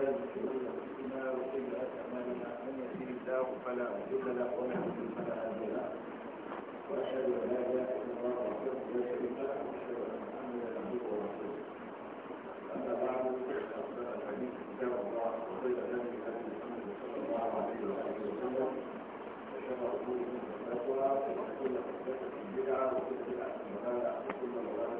الله وسلم بنا وسيئات أعمالنا من يهده الله فلا مضل له ومن فلا هادي له وأشهد أن لا إله إلا الله وحده لا شريك له وأشهد أن محمدا عبده ورسوله أما بعد فأصدق الحديث كتاب الله وخير الهدي هدي محمد صلى الله عليه وآله وسلم وشر الأمور محدثاتها فإن كل محدثة بدعة وكل بدعة ضلالة وكل ضلالة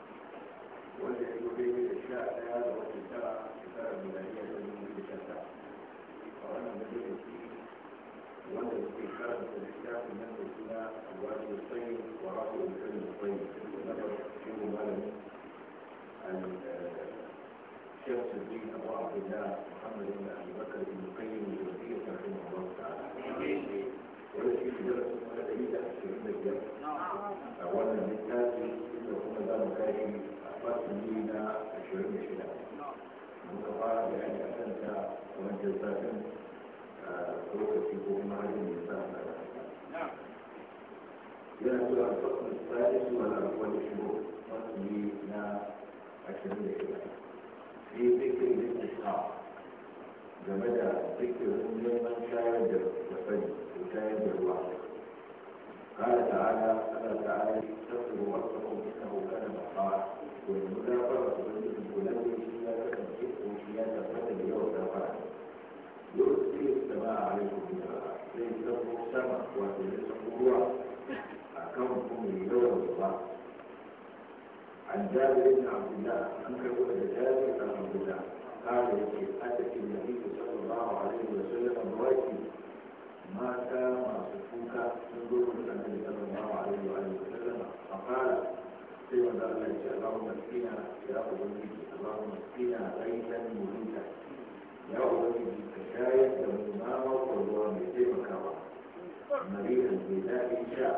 wanda ya zo daidai da sha ɗaya da wata tara shekarar milaniya da dubu da sha tara a wannan majalisi wanda suke karanta littafin nan da suna wato sai wa rafi da kan da kwai na da shi ne malami الشيخ الدين أبو عبد الله محمد بن أبي بكر بن القيم الجوزية رحمه الله تعالى. ولكن درس هذا إلى 20 أولا ويمشيها متفاعل يعني أنت ومن جزاكم وتكتبهم على النساء نعم يأتي الفصل الثالث والأول شهور فصلنا عشرين شهر في ذكر الاستشعار game da zikirin neman shayar da tafari da shayar da ruwa قال تعالى قال تعالى استغفروا ربكم انه كان غفارا والمدافع عن جابر بن عبد الله أنكر ولد جابر بن عبد الله قال يجي أتت النبي صلى الله عليه وسلم بويتي ما كان صفوك من دون النبي صلى الله عليه وسلم فقال سيما الله اللهم اسقنا يا أبنك اللهم اسقنا غيثا مريدا يا أبنك كشاية لما وقضوا من سيما كوا مريدا بذلك شاء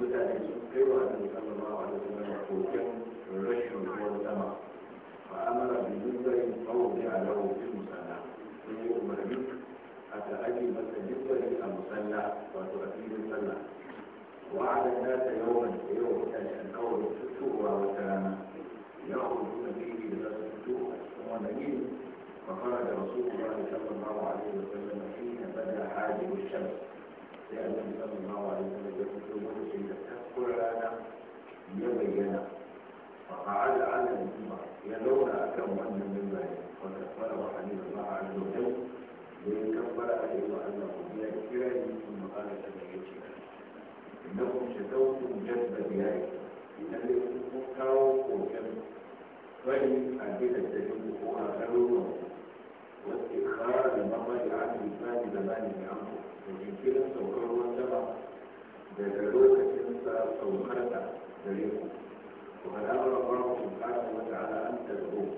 mutane sun kai wa annabi sallallahu alaihi wasallam koken rashin ruwan sama fa amara bi yuzari aw bi alahu fi musalla sai ya umarni a ta'aji masa yuzari a musalla wato a filin sallah wa ala nasa yawan da yawan mutane an kawo da fitowa wata rana ya hudu da fili da za su fito a cikin wannan yini fa fara da rasulullahi sallallahu sai a cikin sallallahu alaihi wasallam ya fito lokacin da kaskun rana ya bayyana fa fa'ala ala al-juma ya zauna akan wannan mimbari fa kafara wa halima ma a lokacin da ya kafara a yau Allah ko ya kira ni kuma kana sanin ya ce innakum shakawtum jadda biyai idan dai kun kawo kokin bari a gidan da ko a garuruwan wasu ikharar da mamaye a cikin zamanin yanku jinkirin saukar ruwan sama daga lokacin sa saukar da gare ku وقد أمر الله سبحانه وتعالى أن تدعوه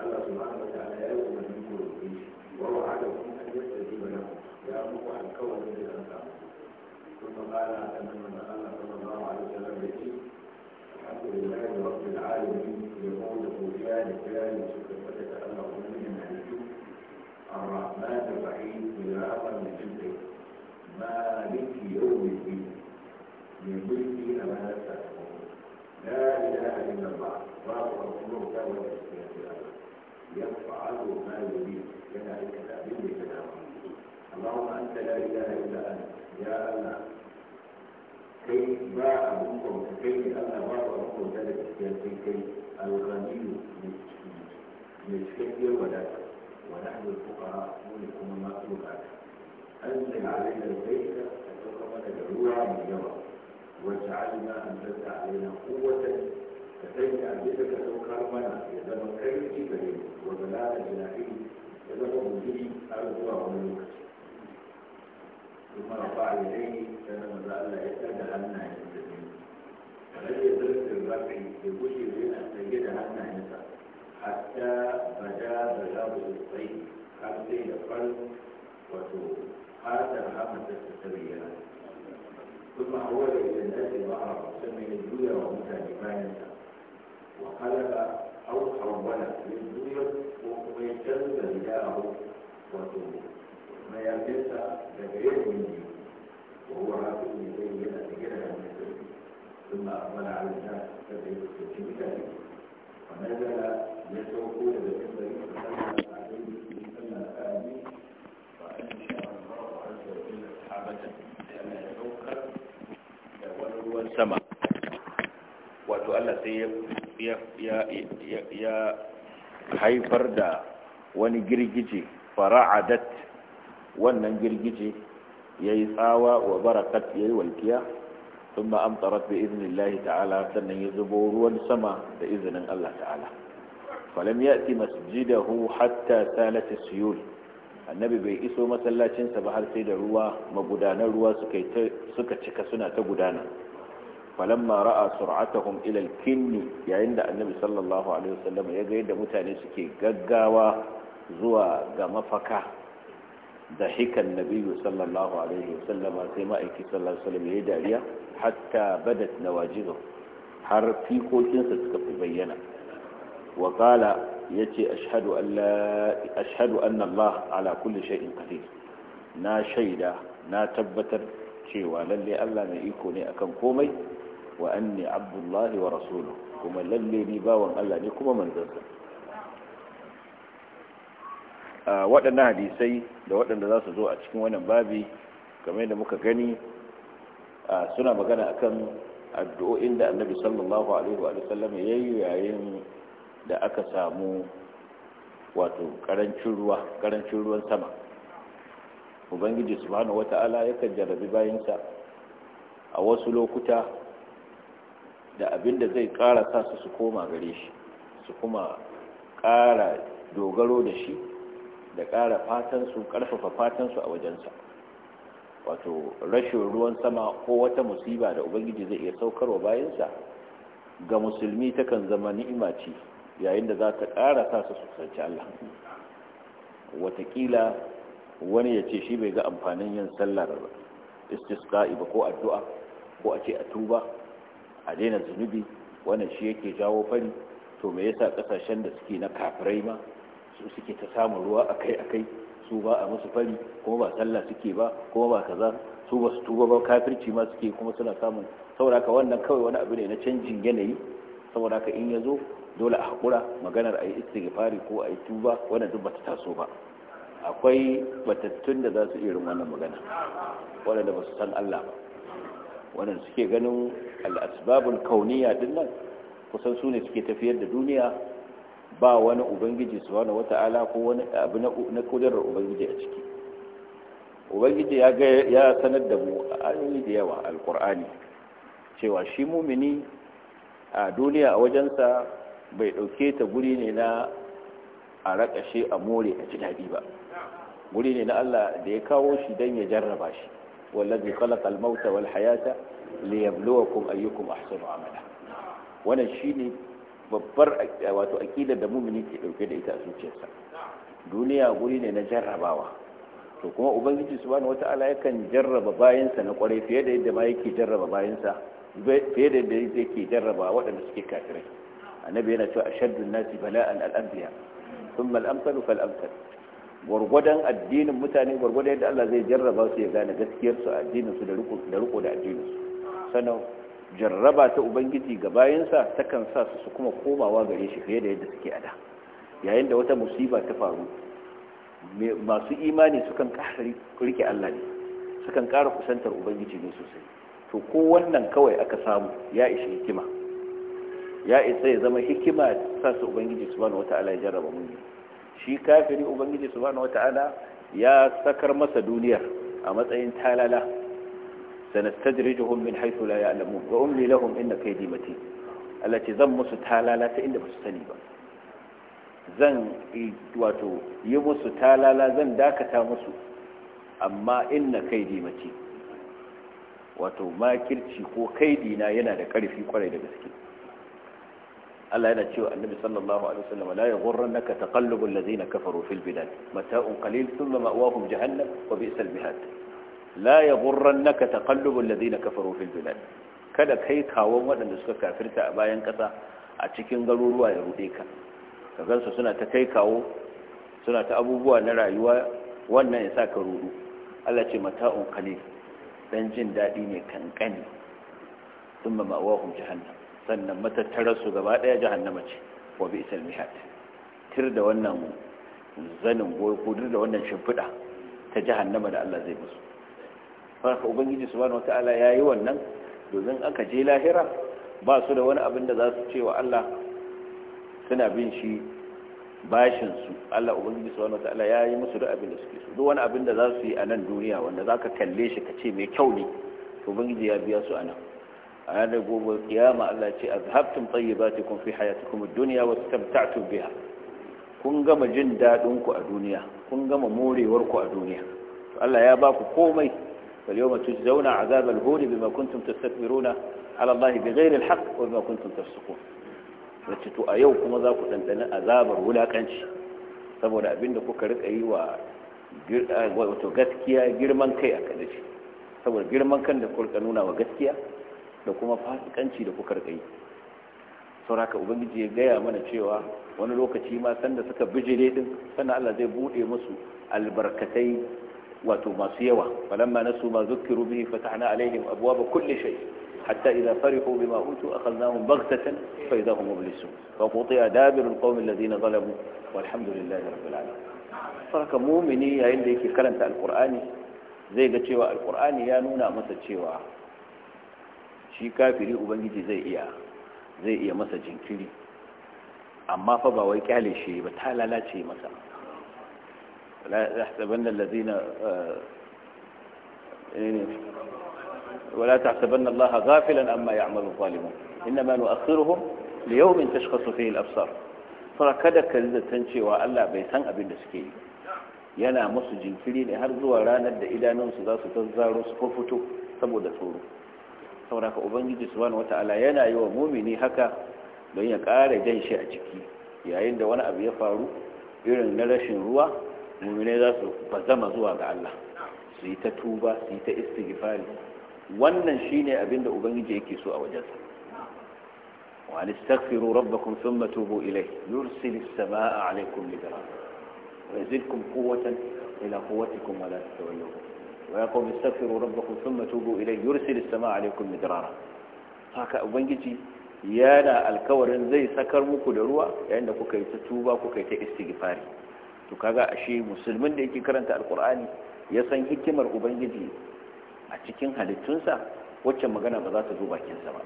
الله سبحانه وتعالى يوم منكم الجيش ووعدكم أن يستجيب لكم يأمر عن كون من الأنفاق ثم قال أنما قال صلى الله عليه وسلم به الحمد لله رب العالمين يقول فلان فلان شكرا الرحمن الرحيم قراءة من جزء مالك يوم الدين من ملكي أمانة لا إله إلا الله في رسوله كان يفعل ما يريد كما كتابين كلامه اللهم أنت لا إله إلا أنت يا الله كيف ما أبوكم كيف أنا ما أبوكم ذلك كي الغني مسكين ولا تكون ونحن الفقراء نولكم المطلوبات أنزل علينا البيت فتقبل الجوع من يوم واجعلنا أن تدع علينا قوة فتيت أبيتك كرمنا إذا مكرت كريم وبلاء جناحي إذا مجري أرجوع منك ثم رفع إليه كان يسال عنا عند يتدين فلن يدرك الرفع يقول لنا أن تجد عند يتدين حتى بدا بلاد الصيف خمسين لقلب وطول هذا الحمد السرية ثم حول إلى الناس العرب سمي الدنيا ومتانبانها وقلب أو حول للدنيا ويجلب بداءه وطول ما يلبس لغير مني وهو راكب من بين يده ثم أقبل على الناس فبيت في ذلك ونزل sama wato Allah sai ya haifar da wani girgije fara'adat wannan girgije ya yi tsawa wa barakat ya yi walkiya sun ma'amtarar da izinin ta'ala sannan ya zubo ruwan sama da izinin Allah ta'ala falam ya'ti masjidahu hatta salat as-suyul annabi bai iso masallacinsa ba har sai da ruwa magudanar ruwa suka suka cika suna ta gudana falamma ra'a sur'atahum ila al-kinni yayin da annabi sallallahu alaihi wasallam ya ga yadda mutane suke gaggawa zuwa ga mafaka da hikan nabiyyu sallallahu alaihi wasallam sai ma'aiki sallallahu alaihi wasallam ya dariya hatta badat nawajidu har fikokinsa suka fi bayyana wa qala yace ashhadu an la ashhadu anna Allah ala kulli shay'in na shaida na tabbatar cewa lalle Allah mai iko ne akan komai wa abdullahi wa rasuluhu kuma lalle ni bawan Allah ne kuma manzansa waɗannan hadisai da waɗanda zasu zo a cikin wannan babi kamar da muka gani suna magana akan addu'o'in da annabi sallallahu yayin da aka samu wato karancin ruwa karancin ruwan sama ubangiji subhanahu wata'ala yakan jarrabi bayansa a wasu lokuta da abinda zai ƙara sa su su koma gare shi su kuma ƙara dogaro da shi da ƙara karfafa fatan su a wajensa wato rashin ruwan sama ko wata musiba da ubangiji zai iya saukarwa bayansa ga musulmi takan zama ni'ima ce yayin da za ta ƙara sa su sanci Allah watakila wani ya ce shi bai ga amfanin yin sallar istisqa'i ba ko addu'a ko a ce a tuba a daina zunubi wannan shi yake jawo fari to me yasa kasashen da suke na kafirai ma su suke ta samun ruwa akai-akai su ba a musu fari kuma ba sallah suke ba kuma ba kaza su ba su tuba ba kafirci ma suke kuma suna samun saboda ka wannan kawai wani abu ne na canjin yanayi saboda ka in ya zo dole a haƙura maganar a yi istighfari ko a yi tuba wanda duk ta taso ba akwai batattun da za su irin wannan magana waɗanda ba su san Allah ba waɗanda suke ganin al'asbabul kauniya din nan kusan su ne suke tafiyar da duniya ba wani ubangiji su wani ala ko wani abu na kudurar ubangiji a ciki ubangiji ya sanar da mu a ayoyi da yawa alkur'ani cewa shi mumini a duniya a wajensa bai ɗauke ta guri ne na a rakashe a more a ji daɗi ba guri ne na Allah da ya kawo shi don ya jarraba shi wallazi khalaqal mauta wal hayata yabluwakum ayyukum ahsanu amala wannan shine babbar wato aqida da mu'mini ke dauke da ita a zuciyarsa duniya guri ne na jarrabawa to kuma ubangiji subhanahu wataala yakan jarraba bayansa na kwarai fiye da yadda ma yake jarraba bayansa fiye da yadda yake jarraba waɗanda suke kafirai annabi yana cewa ashaddun nasi bala'an al-anbiya thumma al-amsalu fal-amsal gwargwadon addinin mutane gwargwadon yadda Allah zai jarraba su ya gane gaskiyarsu a addininsu da riko da addininsu sannan jarraba ta ubangiji ga bayansa kan sa su kuma komawa gare shi fiye da yadda suke ada yayin da wata musiba ta faru masu imani sukan ƙara rike Allah ne sukan ƙara kusantar ubangiji ne sosai to ko wannan kawai aka samu ya ishe hikima ya isa ya zama hikima sa su ubangiji subhanahu wata'ala ya jarraba mu shi kafiri ubangiji su subhanahu wata'ala ya sakar masa duniyar a matsayin talala sanastajrijuhum min haythu la ya'lamun wa umli lahum inna kaydi matin allati zan musu talala ta inda basu sani ba zan wato yi musu talala zan dakata musu amma inna kaidi mace wato makirci ko kaidi na yana da karfi kwarai da gaske Allah yana cewa annabi sallallahu alaihi wasallam la yughurrannaka taqallubu alladhina kafaru fil bilad mata'un qalil thumma ma'wahum jahannam wa bi'sal mihad la yughurrannaka taqallubu alladhina kafaru fil bilad kada kai kawon wadanda suka kafirta a bayan kasa a cikin garuruwa ya rude ka ka gansu suna ta kai kawo suna ta abubuwa na rayuwa wannan ya sa ka rudu Allah ce mata'un qalil dan jin dadi ne kankani thumma ma'wahum jahannam sannan matattararsu gaba ɗaya jahannama ce wa bi isal mihad tir da wannan zanin goyi ko da wannan shimfiɗa ta jahannama da Allah zai musu haka ubangiji subhanahu wataala yayi wannan domin aka je lahira ba su da wani abin da za su ce wa Allah suna bin shi bashin su Allah ubangiji subhanahu wataala yayi musu duk abin da suke so duk wani abin da za su yi a nan duniya wanda zaka kalle shi ka ce mai kyau ne ubangiji ya biya su a nan Ana ranar gobe kiyama Allah ce azhabtum tayyibatikum fi hayatikum ad-dunya wa istamta'tum biha kun gama jin dadin ku a duniya kun gama morewar ku a duniya to Allah ya ba ku komai fal yawma tujzauna azab al-hun bima kuntum tastakbiruna ala Allah bighayri al-haqq wa bima kuntum tafsukun wace to a yau kuma za ku dandana azabar wulakanci saboda abinda kuka rika yi wa wato gaskiya girman kai a kadaci saboda girman kan da kuka nuna wa gaskiya da kuma fasikanci da kuka rikai sauraka ubangiji ya gaya mana cewa wani lokaci ma sanda suka bijire din sannan Allah zai bude musu albarkatai wato masu yawa falamma nasu ma zukkiru bihi fatahna alaihim abwaba kulli shay hatta idza farihu bima utu akhadnahum baghtatan fa idza hum mublisun fa qutiya dabirul alqawm alladhina zalamu walhamdulillahi rabbil alamin sauraka mu'mini yayin da yake karanta alqur'ani zai ga cewa alqur'ani ya nuna masa cewa shi kafiri ubangiji zai iya zai iya masa jinkiri amma fa ba wai kyale shi ba ta lalace masa la eh, eh, tahsabanna allazina ولا تحسبن الله غافلا عما يعمل الظالمون انما نؤخرهم ليوم تشخص فيه الابصار kada ka zaton cewa Allah bai san abin da suke yi yana musu jinkiri ne har zuwa ranar da idanunsu za su tazzaro su ko fito saboda tsoro ka ubangiji subhanahu wata'ala yana yi wa mumini haka don ya ƙara jan shi a ciki yayin da wani abu ya faru irin na rashin ruwa mumine za su bazama zuwa ga Allah su yi ta tuba su yi ta istighfari wannan shine abin da ubangiji yake so a wajensa wa nastaghfiru rabbakum thumma tubu ilayhi yursilis samaa'a alaykum midrara wa yazidkum quwwatan ila quwwatikum wa la tatawallu wa ya qawmi astaghfiru rabbakum thumma tubu ilayhi yursilu as-samaa alaykum midrara haka ubangiji yana alkawarin zai sakar muku da ruwa yayin da kuka yi ta tuba kuka yi ta istighfari to kaga ashe musulmin da yake karanta alqur'ani ya san hikimar ubangiji a cikin halittunsa wacce magana ba za ta zo bakinsa ba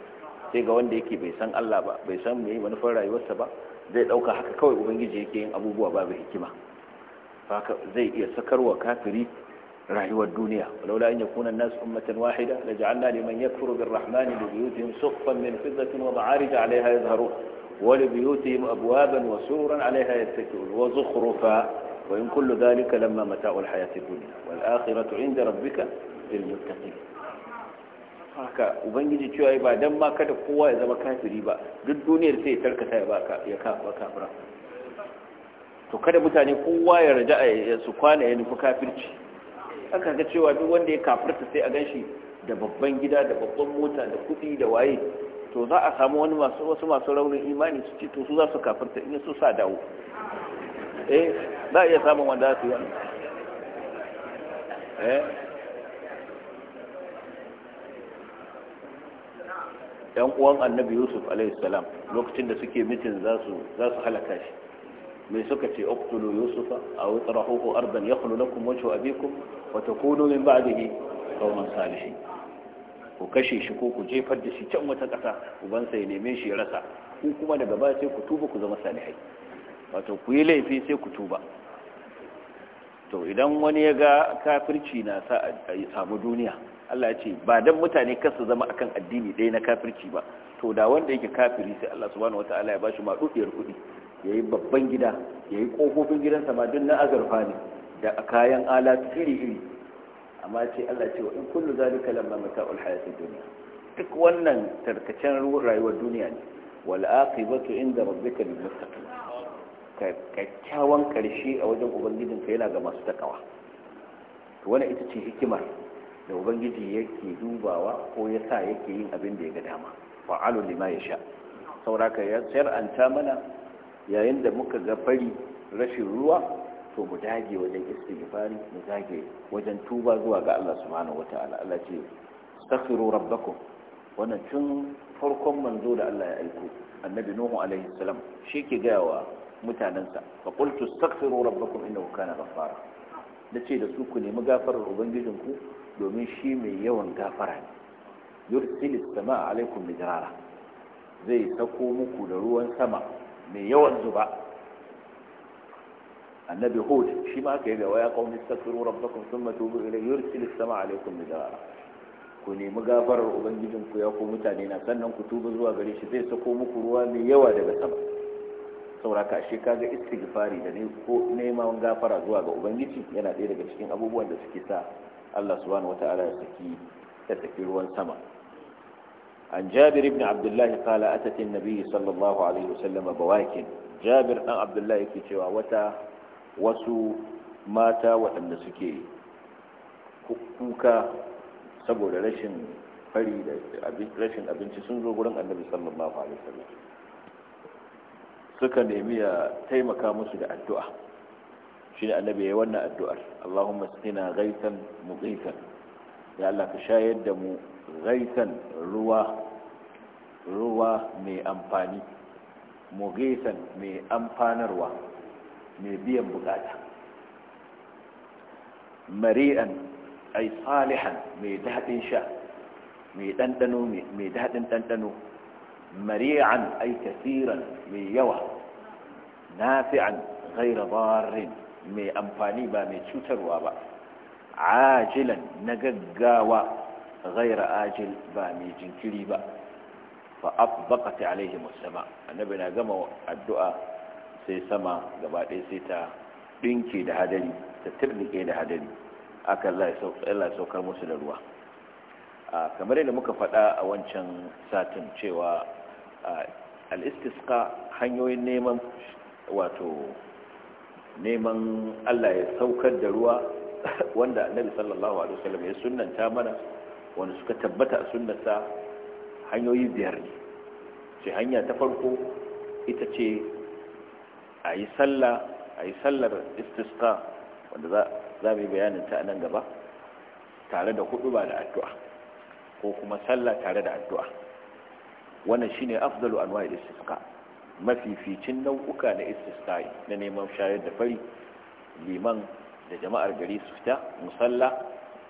sai ga wanda yake bai san Allah ba bai san meye manufar rayuwarsa ba zai dauka haka kawai ubangiji yake yin abubuwa babu hikima haka zai iya sakarwa kafiri رحل والدنيا ولولا أن يكون الناس أمة واحدة لجعلنا لمن يكفر بالرحمن لبيوتهم سقفا من فضة ومعارج عليها يظهرون ولبيوتهم أبوابا وسورا عليها يتكئون وزخرفا وإن كل ذلك لما متاع الحياة الدنيا والآخرة عند ربك للمتقين haka ubangiji cewa ba dan ma kada kowa ya zama kafiri ba duk duniyar sai tarka sai ba ka ya kafa kafira to kada mutane kowa ya raja'a su kwana ya nufi kafirci aka ga cewa duk wanda ya kafirta sai a gan shi da babban gida da babban mota da kudi da waye to za a samu wani masu wasu masu raunin imani su ce to su za su kafirta in su sa dawo eh za a iya samun wanda za su yi wani eh yan uwan annabi yusuf alaihi salam lokacin da suke mitin za su halaka shi mai suka ce uqtulu yusufa aw itrahuhu ardan yakhlu lakum wajhu abikum wa takunu min ba'dihi qauman salihin ku kashe shi ko ku jefar da shi can wata ƙasa uban sai neme shi ya rasa ku kuma daga gaba sai ku tuba ku zama salihai Wata ku yi laifi sai ku tuba to idan wani ya ga kafirci na sa a samu duniya Allah ya ce ba don mutane kasu su zama akan addini ɗaya na kafirci ba to da wanda yake kafiri sai Allah subhanahu wataala ya bashi ma dukiyar kuɗi ya yi babban gida ya yi ƙofofin gidansa ma duk na azurfa ne da kayan ala iri-iri amma ce allah ce wa in kullu zalika lamma mata hayatid duniya duk wannan tarkacen rayuwar duniya ne wal aqibatu inda rabbika lil muttaqin kakkyawan karshe a wajen ka yana ga masu takawa to wannan ita ce hikimar da ubangiji yake dubawa ko ya sa yake yin abin da ya ga dama fa'alu lima ya sha sauraka ya shar'anta mana yayin da muka ga fari rashin ruwa to mu dage wajen istighfari mu dage wajen tuba zuwa ga Allah subhanahu wataala Allah ce astaghfiru rabbakum wannan tun farkon manzo da Allah ya aiko annabi nuhu alaihi salam shi ke gaya wa mutanansa fa qultu astaghfiru rabbakum innahu kana ghaffara nace da su ku nemi gafarar ubangijinku domin shi mai yawan gafara ne yursilis sama alaikum mijrara zai sako muku da ruwan sama mai yawan zuba annabi hud shi ma ka yi da waya ya qaumi astaghfiru rabbakum thumma tubu ilayhi yursilu as-samaa da zara ku nemi gafarar ubangijin ku ya ku mutane na sannan ku tuba zuwa gare shi zai sako muku ruwa mai yawa daga sama saboda ka ga kaga istighfari da ne ko neman gafara zuwa ga ubangiji yana ɗaya daga cikin abubuwan da suke sa Allah subhanahu wata'ala ya saki ya saki ruwan sama عن جابر بن عبد الله قال أتت النبي صلى الله عليه وسلم بواكن جابر بن عبد الله كتوا وتا وسو ماتا وأن سكي كوكا سبو لرشن fari da rashin abinci sun zo gurin annabi sallallahu alaihi wasallam suka nemi ya taimaka musu da addu'a shi ne annabi ya wannan addu'ar Allahumma sqina ghaitan muqitan ya Allah shayar da mu ghaitan ruwa ruwa mai amfani mugaisan mai amfanarwa mai biyan bukata mari'an ai salihan mai daɗin sha mai ɗanɗano mai daɗin ɗanɗano mari'an ai kasiran mai yawa nafi'an ghaira barin mai amfani ba mai cutarwa ba ajilan na gaggawa ghaira ajil ba mai jinkiri ba fa abbaqat alaihim as-sama annabi na gama addu'a sai sama gaba ɗaya sai ta dinke da hadari ta tirnike da hadari aka Allah ya saukar musu da ruwa kamar yadda muka faɗa a wancan satin cewa al-istisqa hanyoyin neman wato neman Allah ya saukar da ruwa wanda annabi sallallahu alaihi wasallam ya sunnanta mana wanda suka tabbata a sunnarsa hanyoyi biyar ne ce hanya ta farko ita ce a yi sallah a yi sallar istisqa wanda za mu yi bayanin ta nan gaba tare da hudu ba da addu'a ko kuma sallah tare da addu'a wannan shi ne afdalu anwa'il istisqa mafificin nau'uka na istisqa na neman shayar da fari liman da jama'ar gari su fita musalla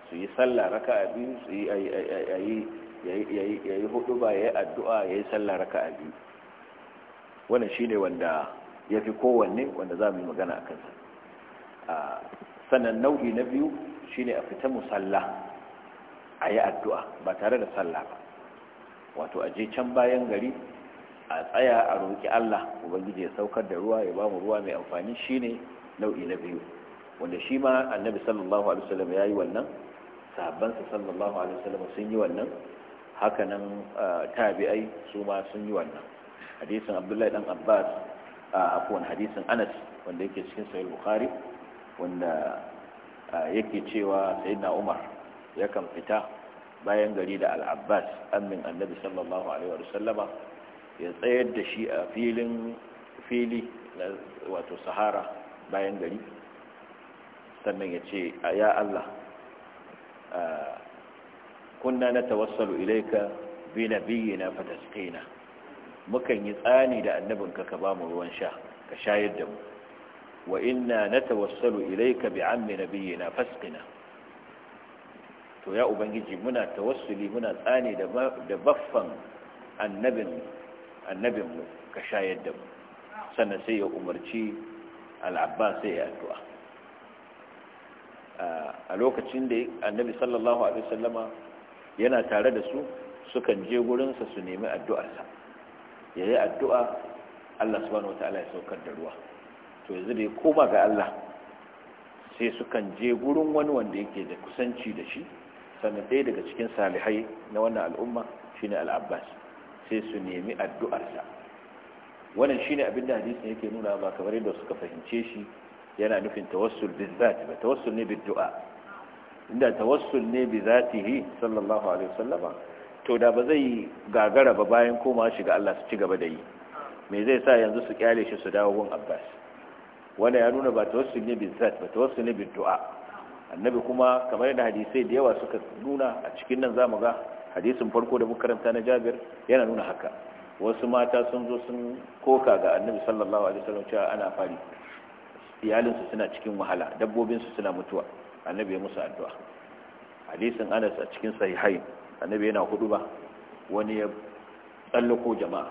su yi sallah raka biyu su yi ya yi hudu ba ya yi addu'a ya yi sallah raka a biyu wannan shi ne wanda ya fi kowanne wanda za mu yi magana a kansa sannan nau'i na biyu shi ne a fita musalla a yi addu'a ba tare da sallah ba wato a je can bayan gari a tsaya a roƙi Allah ubangiji ya saukar da ruwa ya ba mu ruwa mai amfani shi ne nau'i na biyu wanda shi ma annabi sallallahu alaihi wasallam ya yi wannan sahabbansa sallallahu alaihi wasallam sun yi wannan hakanan tabi'ai su ma sun yi wannan hadisin abdullahi dan abbas a afuwan hadisin anas wanda yake cikin sahih bukhari wanda yake cewa sayyidina umar yakan fita bayan gari da al-abbas amin annabi sallallahu alaihi wa sallama ya tsayar da shi a filin fili wato sahara bayan gari sannan ya ce a ya Allah kunna na tawassalu ilaika bi nabiyyina fatasqina mukan yi tsani da annabin ka ka bamu ruwan sha ka shayar da mu wa inna natawassalu ilaika bi ammi nabiyyina fasqina to ya ubangiji muna tawassuli muna tsani da da baffan annabin annabin mu ka shayar da mu sannan sai ya umarci al-abbas sai ya addu'a a lokacin da annabi sallallahu alaihi wasallama yana tare da su sukan je gurinsa su nemi addu'arsa ya yi addu'a Allah subhanahu wa ta'ala ya saukar da ruwa to yanzu da ya koma ga Allah sai sukan je gurin wani wanda yake da kusanci da shi sannan ɗaya daga cikin salihai na wannan al'umma shine al'abbas sai su nemi addu'arsa wannan shine abin da hadisi yake nuna ba kamar yadda suka fahimce shi yana nufin tawassul bizat ba tawassul ne du'a. inda tawassul ne bi zatihi sallallahu alaihi wasallama to da ba zai gagara ba bayan koma shi ga Allah su ci gaba da yi me zai sa yanzu su kyale shi su dawo gun Abbas wanda ya nuna ba tawassul ne bi zat ba tawassul ne bi du'a annabi kuma kamar yadda hadisai da yawa suka nuna a cikin nan zamu ga hadisin farko da muka na Jabir yana nuna haka wasu mata sun zo sun koka ga annabi sallallahu alaihi wasallam cewa ana fari iyalinsu suna cikin wahala dabbobinsu suna mutuwa annabi ya musu addu'a hadisin anas a cikin sahihai annabi yana hudu ba wani ya tsallako jama'a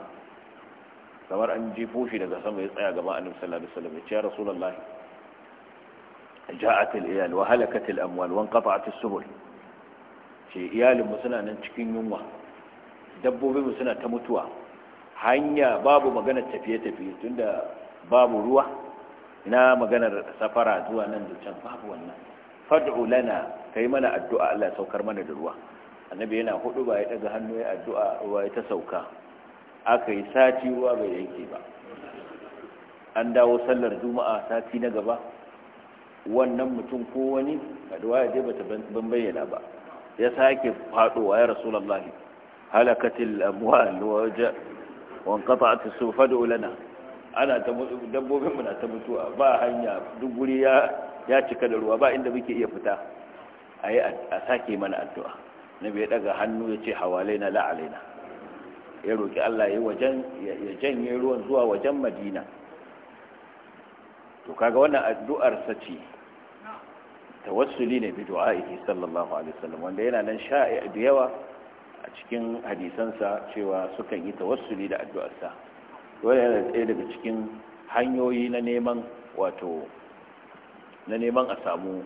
kamar an jifo fushi daga sama ya tsaya gaba annabi sallallahu alaihi wasallam ya ce ya rasulullahi ja'at al-iyal wa halakat al-amwal wa inqata'at as-subul ce iyalin mu suna nan cikin yunwa dabbobin mu suna ta mutuwa hanya babu magana tafiye tafiye tunda babu ruwa ina maganar safara zuwa nan da can babu wannan fad'u lana kai mana addu'a Allah ya saukar mana da ruwa annabi yana hudu ba ya daga hannu ya addu'a ruwa ya ta sauka aka yi sati ruwa bai yanke ba an dawo sallar juma'a sati na gaba wannan mutum ko wani addu'a ya je bata ban bayyana ba ya sake faduwa ya rasulullahi halakatil amwal wa wanqata'at as-sufadu lana ana ta dabbobin mu na ta mutuwa ba hanya duk guri ya ya cika da ruwa ba inda muke iya fita a yi a sake mana addu'a nabi ya daga hannu ya ce hawalaina la'alaina ya roƙi Allah ya wajen ya janye ruwan zuwa wajen madina to kaga wannan addu'ar sace ta tawassuli ne bi du'a'ihi sallallahu alaihi wasallam wanda yana nan sha'i da yawa a cikin hadisansa cewa sukan yi tawassuli da addu'arsa Dole yana ɗaya daga cikin hanyoyi na neman wato na neman a samu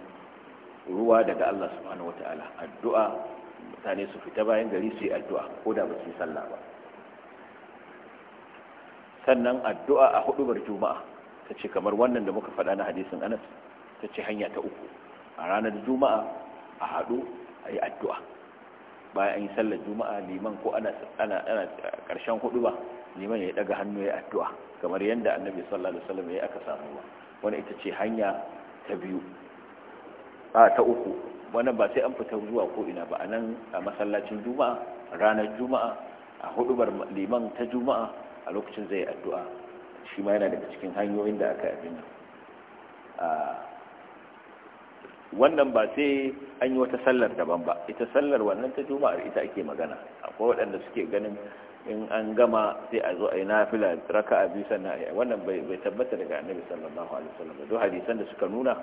ruwa daga Allah subhanahu wataala addu'a mutane su fita bayan gari su yi addu'a ko da ba su yi sallah ba sannan addu'a a bar juma'a ta ce kamar wannan da muka faɗa na hadisin anas ta ce hanya ta uku a ranar juma'a a haɗu a yi addu'a bayan an yi sallar juma'a liman ko ana ƙarshen hudu ba liman ya daga hannu ya yi addu'a kamar yadda annabi sallallahu alaihi wasallam ya aka samu ba wani ita ce hanya ta biyu a ta uku wannan ba sai an fita zuwa ko ina ba a nan a masallacin juma'a ranar juma'a a hudubar liman ta juma'a a lokacin zai addu'a shi ma yana daga cikin hanyoyin da aka abin wannan ba sai an yi wata sallar daban ba ita sallar wannan ta juma'ar ita ake magana akwai waɗanda suke ganin in an gama sai a zo a yi nafila raka a bisan a yi wannan bai tabbata daga annabi sallallahu alaihi wasallam duk hadisan da suka nuna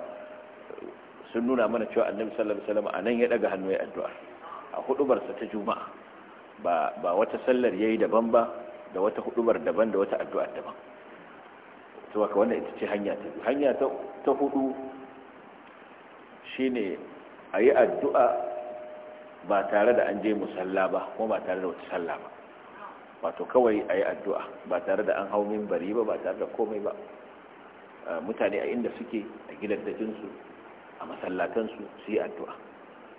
sun nuna mana cewa annabi sallallahu alaihi wasallam anan ya daga hannu ya addu'a a sa ta juma'a ba ba wata sallar yayi daban ba da wata hudubar daban da wata addu'a daban to haka wannan ita ce hanya ta hanya ta ta hudu shine ayi addu'a ba tare da an je musalla ba kuma ba tare da wata sallah ba wato kawai a yi addu'a ba tare da an hau mimbari ba ba tare da komai ba mutane a inda suke a gidaddajinsu a masallatansu su yi addu'a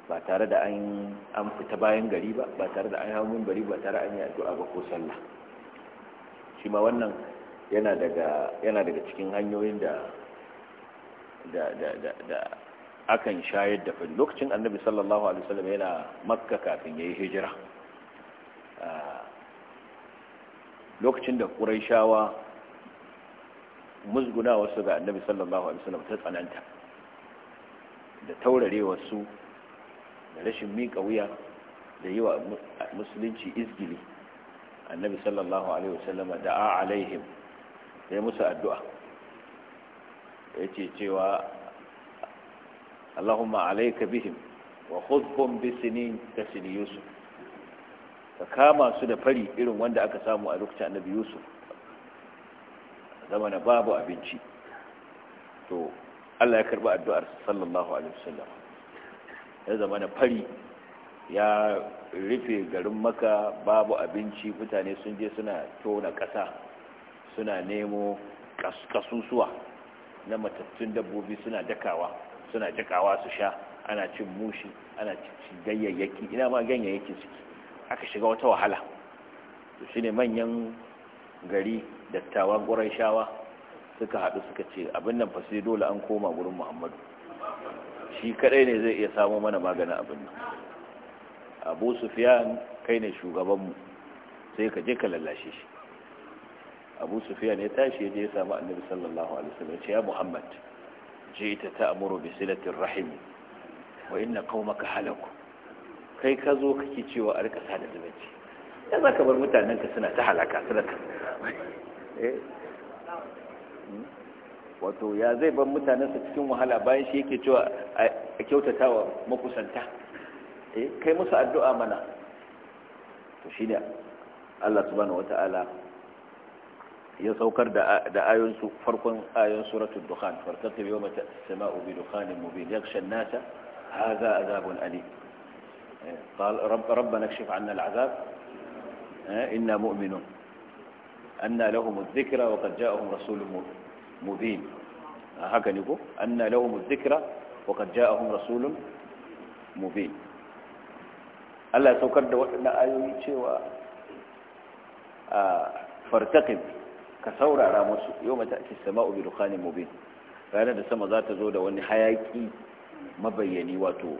ba tare da an fita bayan gari ba ba tare da an hau mimbari ba tare an yi addu'a ba ko sallah shi ma wannan yana daga cikin hanyoyin da akan shayar da fi lokacin annabi sallallahu alaihi wasallam yana makka kafin ya yi hijira lokacin da ƙuraishawa musguna wasu ga annabi sallallahu alaihi wasallam ta tsananta da taurarewa su da rashin miƙa wuya da yi wa musulunci izgili annabi sallallahu alaihi wasallam da a alaihim sai musu addu'a ya ce cewa allahumma alaika bihim wa khudhum bi sinin ka yusuf ka kama su da fari irin wanda aka samu a lokacin annabi yusuf zama na babu abinci to allah ya karba addu'ar sallallahu alaihi wasallam ya zama na fari ya rufe garin maka babu abinci mutane sun je suna tona ƙasa suna nemo kasusuwa na matattun dabbobi suna dakawa suna jakawa su sha ana cin mushi ana cin ganyayyaki ina ma ganyayyaki suke aka shiga wata wahala to shine manyan gari dattawan shawa suka haɗu suka ce abin nan fa dole an koma wurin muhammadu shi kadai ne zai iya samo mana maganin abin nan abu sufiyan kai ne shugabanmu sai ka je ka lallashe shi abu sufiyan ya tashi ya je ya samu annabi sallallahu alaihi wasallam ya muhammad je ta ta'muru bi silatir rahim wa inna qaumaka halaku kai ka zo kake cewa a rika sada zumunci ya za ka bar mutanen ka suna ta halaka suna ta eh? wato ya zai bar mutanensa cikin wahala bayan shi yake cewa a kyautata wa makusanta eh, kai musu addu'a mana to shi ne Allah subhanahu wata'ala ya saukar da ayonsu farkon ayon suratul dukhan biyo yawma tasma'u bi dukhanin mubin yakhsha an-nasa hadha azabun alim قال رب ربنا اكشف عنا العذاب إنا مؤمنون أن لهم الذكرى وقد جاءهم رسول مبين هكا نقول أن لهم الذكرى وقد جاءهم رسول مبين الله يسوكر دوحنا آيوي شوى آه، فارتقب كثورة راموس يوم تأتي السماء بدخان مبين فأنا دسما ذات زودة وأن حياتي مبيني واتو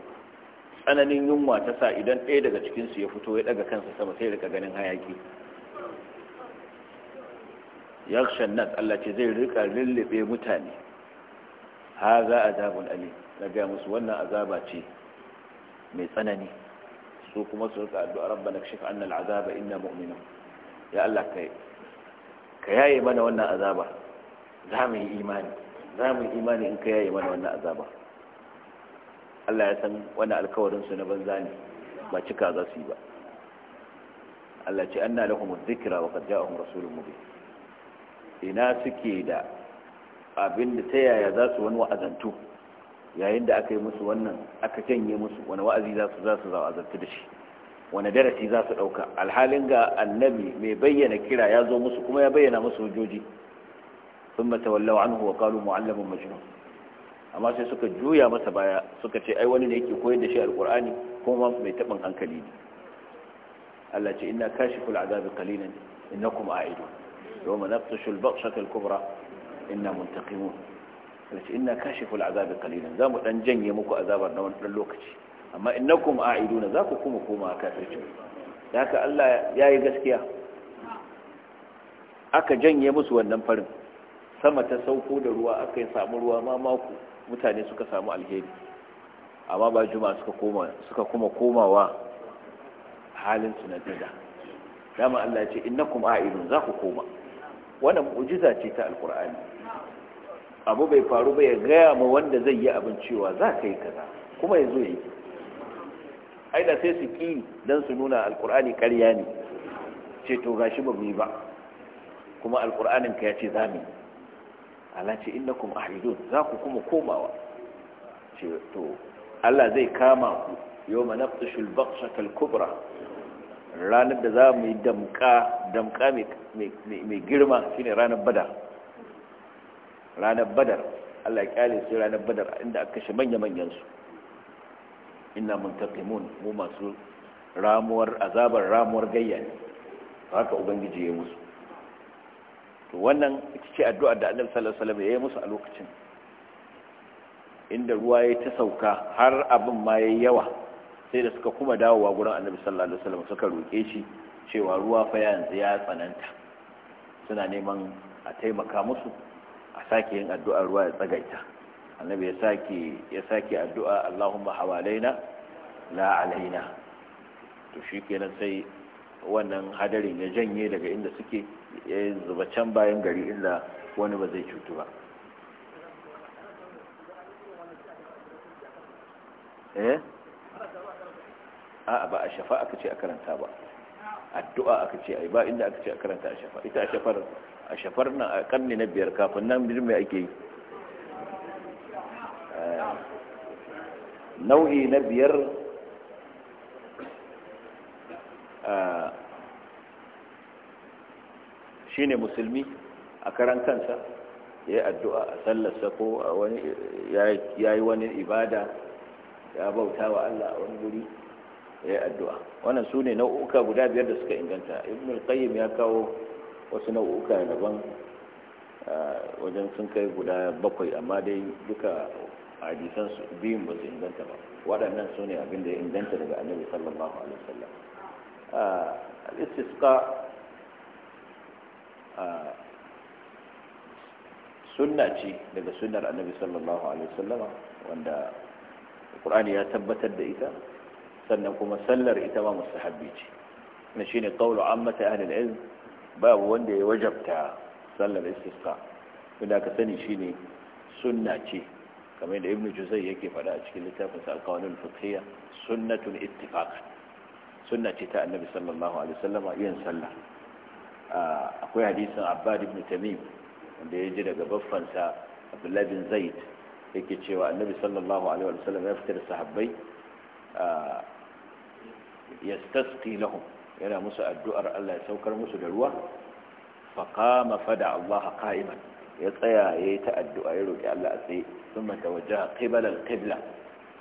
tsananin yunwa ta sa idan ɗaya daga cikinsu ya fito ya ɗaga kansa sama sai rika ganin hayaki yakshan nan Allah ce zai rika lullube mutane ha za a azabun ali na gaya musu wannan azaba ce mai tsanani su kuma su rika addu'a Rabba na kashif annal azaba inna mu'minun ya Allah kai ka yaye mana wannan azaba za mu yi imani za mu yi imani in ka yaye mana wannan azaba Allah ya san wani alkawarinsu su na banza ne ba cika za su yi ba Allah ce anna lahum zikira wa qad ja'ahum rasulun mubin ina suke da abin da ta yaya za su wani wa'azantu yayin da aka yi musu wannan aka janye musu wani wa'azi za su za su wa'azantu da shi wani darasi za su ɗauka alhalin ga annabi mai bayyana kira ya zo musu kuma ya bayyana musu hujjoji sun mata wallawa an huwa kalu mu'allamin majnun amma sai suka juya masa baya suka ce ai wani ne yake koyar da shi alqur'ani kuma mai tabin hankali ne Allah ce kashi inna kashiful azabi qalilan innakum a'idun yawma nabtashu al-baqshata al-kubra inna muntaqimun Allah ce inna kashiful azabi za mu ɗan janye muku azabar na wani ɗan lokaci amma innakum a'idun za ku kuma koma a kafirci haka Allah ya yi gaskiya aka janye musu wannan farin sama ta sauko da ruwa aka yi samu ruwa ma mako mutane suka samu alheri amma ba juma'a suka koma kuma komawa halin su na dida dama Allah ya ce innakum a'idun za ku koma wannan mu'jiza ce ta alqur'ani abu bai faru ba ya gaya ma wanda zai yi abin cewa za ka yi kaza kuma ya zo yi aida sai su ki don su nuna alkur'ani karya ne ce to gashi ba mu yi ba kuma ka ya ce za mu yi Allah ce innakum ahidun za ku kuma komawa ce to Allah zai kama ku Yoma yawma nafsishul baqshatal kubra ranar da za mu yi damka damka mai girma shine ranar badar ranar badar Allah ya kyale su ranar badar inda aka kashe manya-manyan su inna muntaqimun mu masu ramuwar azabar ramuwar gayya ne, haka ubangiji ya musu to wannan ita ce addu'ar da annabi sallallahu alaihi wasallam ya yi musu a lokacin inda ruwa ya ta sauka har abin ma yayi yawa sai da suka kuma dawowa gurin annabi sallallahu alaihi wasallam suka roke shi cewa ruwa fa yanzu ya tsananta suna neman a taimaka musu a sake yin addu'ar ruwa ya tsagaita annabi ya sake ya sake addu'a Allahumma hawalaina la alaina to kenan sai wannan hadarin ya janye daga inda suke ya can bayan gari inda wani ba zai cutu ba eh a'a ba a shafa aka ce a karanta ba addu'a aka ce ai ba inda aka ce a karanta a shafa ita a shafar a shafar nan a karni na biyar kafin nan birni ake yi eh. nau'i na biyar ne musulmi a karan kansa ya yi addu'a a sallasta ko ya yi wani ibada ya bauta wa Allah a wani guri ya yi addu'a wannan su ne nau'uka guda biyar da suka inganta ibn al-qayyim ya kawo wasu nau'uka daban wajen sun kai guda bakwai amma dai duka a su biyun ba su inganta ba waɗannan su ne abin da ya inganta daga annabi sallallahu alaihi wasallam sunna ce daga sunnar annabi sallallahu alaihi wasallama wanda qur'ani ya tabbatar da ita sannan kuma sallar ita ma mustahabbi ce ne shine qawlu ammat ahli al-ilm babu wanda ya wajabta sallar istisqa wanda ka sani shine sunna ce kamar da ibnu juzay yake faɗa a cikin littafin sa al-qawanul fiqhiyya sunnatun ittifaq sunna ta annabi sallallahu alaihi wasallama yin sallah akwai hadisin abbad ibn tamim wanda ya ji daga baffansa abdullahi bin zaid yake cewa annabi sallallahu alaihi wa sallam ya fitar sahabbai yastasqi lahum yana musu addu'ar Allah ya saukar musu da ruwa fa qama fada Allah qa'iman ya tsaya yayi ta addu'a ya roki Allah a tsaye thumma tawajjaha qibala al-qibla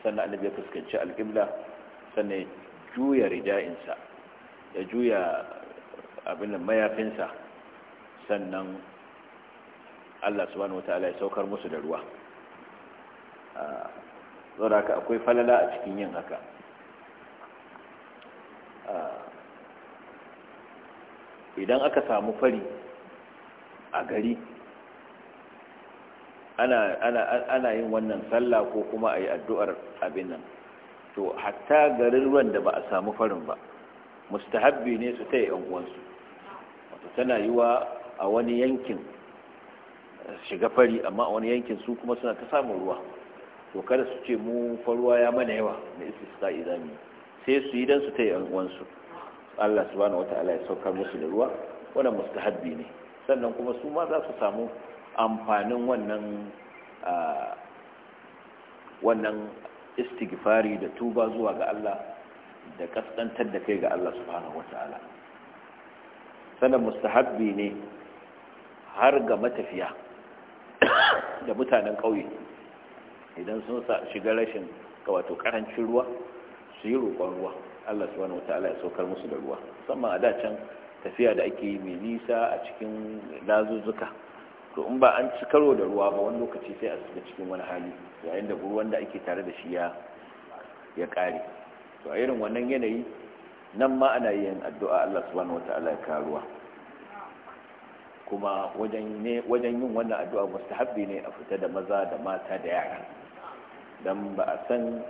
sannan annabi ya fuskanci al-qibla sannan juya rida'insa ya juya abin da mayafinsa sannan Allah subhanahu wataala ya saukar musu da ruwa ah, saboda haka akwai falala a cikin yin haka ah, idan aka samu fari a gari ana yin wannan sallah ko kuma a yi addu'ar abin nan to hatta garin ruwan da ba a samu farin ba mustahabbi ne su ta yi ‘yan’uwansu’ tana yiwa a wani yankin shiga fari amma a wani yankin su kuma suna ta samun ruwa to kada su ce mu faruwa ya mana yawa na istisqa idami sai su yi don su ta yi wansu Allah su bane wata ya saukar musu da ruwa wannan mustahabbi ne sannan kuma su ma za su samu amfanin wannan wannan da tuba zuwa ga Allah da kaskantar da kai ga Allah su wata wataala sannan mustahabbi ne har ga matafiya da mutanen ƙauye idan sun shiga rashin wato karancin ruwa su yi roƙon ruwa Allah subhanahu wataala ya saukar musu da ruwa musamman a dacen tafiya da ake yi mai nisa a cikin dazuzzuka to in ba an ci karo da ruwa ba wani lokaci sai a shiga cikin wani hali yayin da ruwan da ake tare da shi ya ya kare to a irin wannan yanayi nan ma ana yin addu'a Allah subhanahu wataala ya karuwa kuma wajen ne wajen yin wannan addu'a mustahabbi ne a fita da maza da mata da yara dan ba a san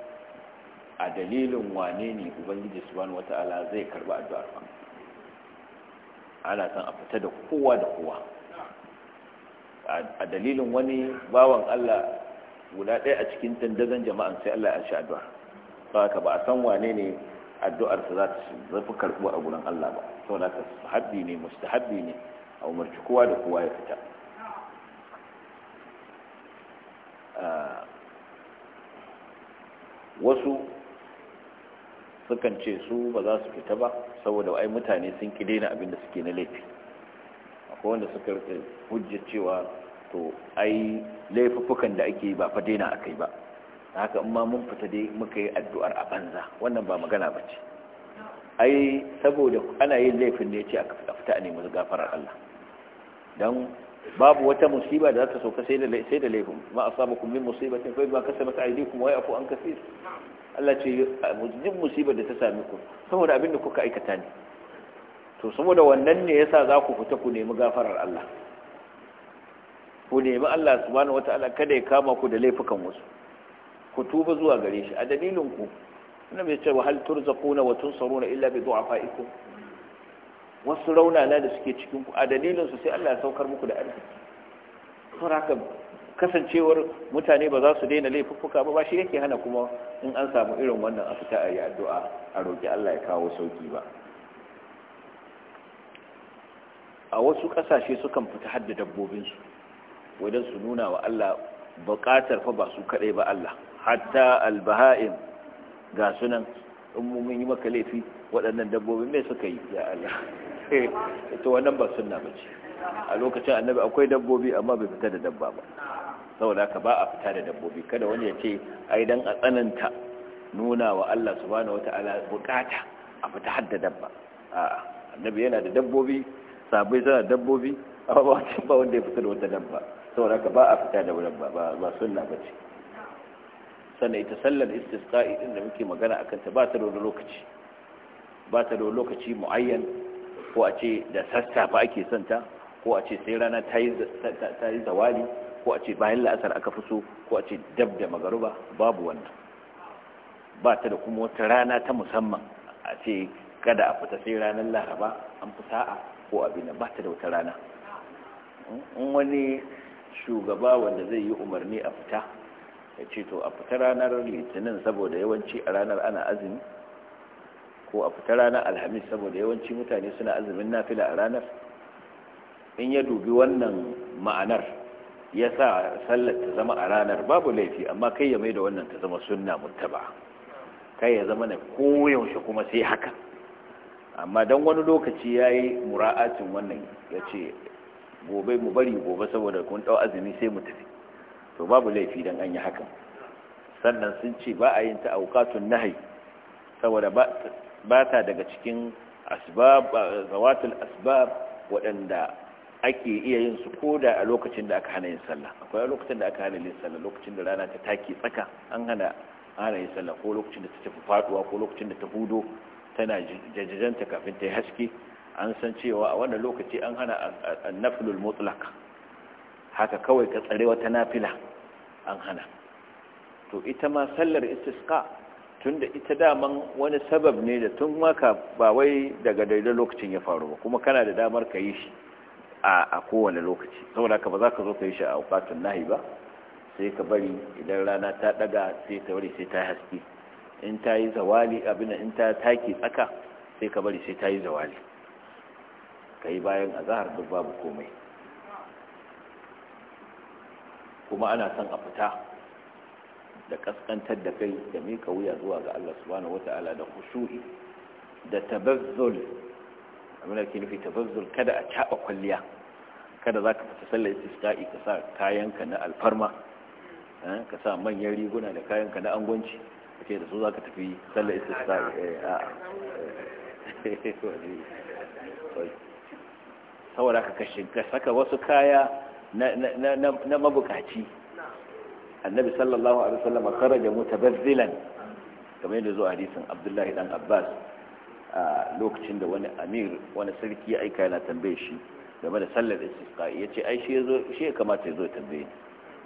a dalilin wane ne ubangiji subhanahu wataala zai karba addu'ar ba ana san a fita da kowa da kowa a dalilin wani bawan Allah guda ɗaya a cikin dandazon jama'an sai Allah ya shi addu'a ba ka ba a san wane ne addu'ar sa za ta zafi karbuwa a gurin Allah ba saboda ka sahabbi ne mustahabbi ne a umarci kowa da kowa ya fita ah, wasu sukan ce su ba za su fita ba saboda ai mutane sun ki daina abin da suke na laifi akwai wanda suka rike hujjar cewa to ai laifuffukan da ake ba fa daina a kai ba haka in ma mun fita dai muka yi addu'ar a banza wannan ba magana ba ce ai saboda ana yin laifin ne ce aka fita a nemi gafarar Allah don babu wata musiba da za ta sauka sai da laifin ma a samu musiba ta kai ba kasa mata aidi kuma wai afu an kasi Allah ce duk musiba da ta sami ku saboda abin da kuka aikata ne to saboda wannan ne yasa za ku fita ku nemi gafarar Allah ku nemi Allah subhanahu wataala kada ya kama ku da laifukan wasu ku tuba zuwa gare shi a dalilin ku nan ce wa hal turzaquna wa tunsaruna illa bi du'afaikum wasu raunana da suke cikin ku a dalilin su sai Allah ya saukar muku da arziki to haka kasancewar mutane ba za su daina laifuffuka ba ba shi yake hana kuma in an samu irin wannan a fita a yi addu'a a roƙi Allah ya kawo sauki ba a wasu ƙasashe sukan fita hadda dabbobinsu wajen su nuna wa Allah buƙatar fa ba su kaɗai ba Allah hatta albaha'in ga sunan in mun yi maka laifi waɗannan dabbobin mai suka yi ya Allah ita wannan ba sunna bace a lokacin annabi akwai dabbobi amma bai fita da dabba ba saboda haka ba a fita da dabbobi kada wani ya ce ai dan a tsananta nuna wa Allah subhanahu wataala bukata a fita har da dabba a'a annabi yana da dabbobi sabai suna dabbobi amma ba wanda ya fita da wata dabba saboda haka ba a fita da dabba ba sunna bace sannan ita sallar istisqa'i din da muke magana akan ta ba ta da lokaci ba ta da lokaci muayyan ko a ce da ba ake son ta ko a ce sai rana ta yi zawali ko a ce bayan la'asar aka fi so ko a ce dab da magaruba babu wannan ba ta da kuma wata rana ta musamman a ce kada a fita sai ranar laraba an fi sa'a ko abin ba ta da wata rana in wani shugaba wanda zai yi umarni a fita ya ce to a fita ranar litinin saboda yawanci a ranar ana azumi ko a fita ranar alhamis saboda yawanci mutane suna azumin nafila a ranar in ya dubi wannan ma'anar ya sa sallar ta zama a ranar babu laifi amma kai ya mai da wannan ta zama sunna muttaba kai ya zama na koyaushe kuma sai haka amma don wani lokaci ya yi mura'atin wannan ya ce gobe mu bari gobe saboda kun ɗau azumi sai mu tafi to babu laifi dan an yi hakan sannan sun ce ba a yin ta nahi saboda ba ta daga cikin asbab zawatul asbab waɗanda ake iya yin su koda a lokacin da aka hana yin sallah akwai lokacin da aka hana yin sallah lokacin da rana ta take tsaka an hana hana yin sallah ko lokacin da ta tafi faduwa ko lokacin da ta hudo tana jajjajanta kafin ta yi haske an san cewa a wannan lokaci an hana annaflul mutlaq haka kawai ka tsare wata nafila an hana to ita ma sallar istisqa tunda ita daman wani sabab ne da tun maka ba wai daga daidai lokacin ya faru ba kuma kana da damar ka yi shi a kowane lokaci saboda ka ba za ka zo ka yi shi a wakatun nahi ba sai ka bari idan rana ta daga sai ta bari sai ta haske in ta yi zawali abin in ta taki tsaka sai ka bari sai ta yi zawali ka yi bayan azahar duk babu komai kuma ana son a fita da kaskantar da kai da mika wuya zuwa ga Allah subhanahu wata'ala da khushu'i da tabazzul amma ke nufi tabazzul kada a caba kwalliya kada za ka fita sallar istisqa'i ka sa kayanka na alfarma eh, ka sa manyan riguna da kayanka na angwanci kace da su za ka tafi sallar istisqa'i eh, a saboda ka kashin ka saka wasu kaya na mabukaci annabi sallallahu alaihi wasallam kharaja mutabazzilan kamar yadda zuwa hadisin abdullahi dan abbas a lokacin da wani amir wani sarki ya aika yana tambaye shi game da sallar istisqa ya ce ai shi ya kamata ya zo ya tambaye ni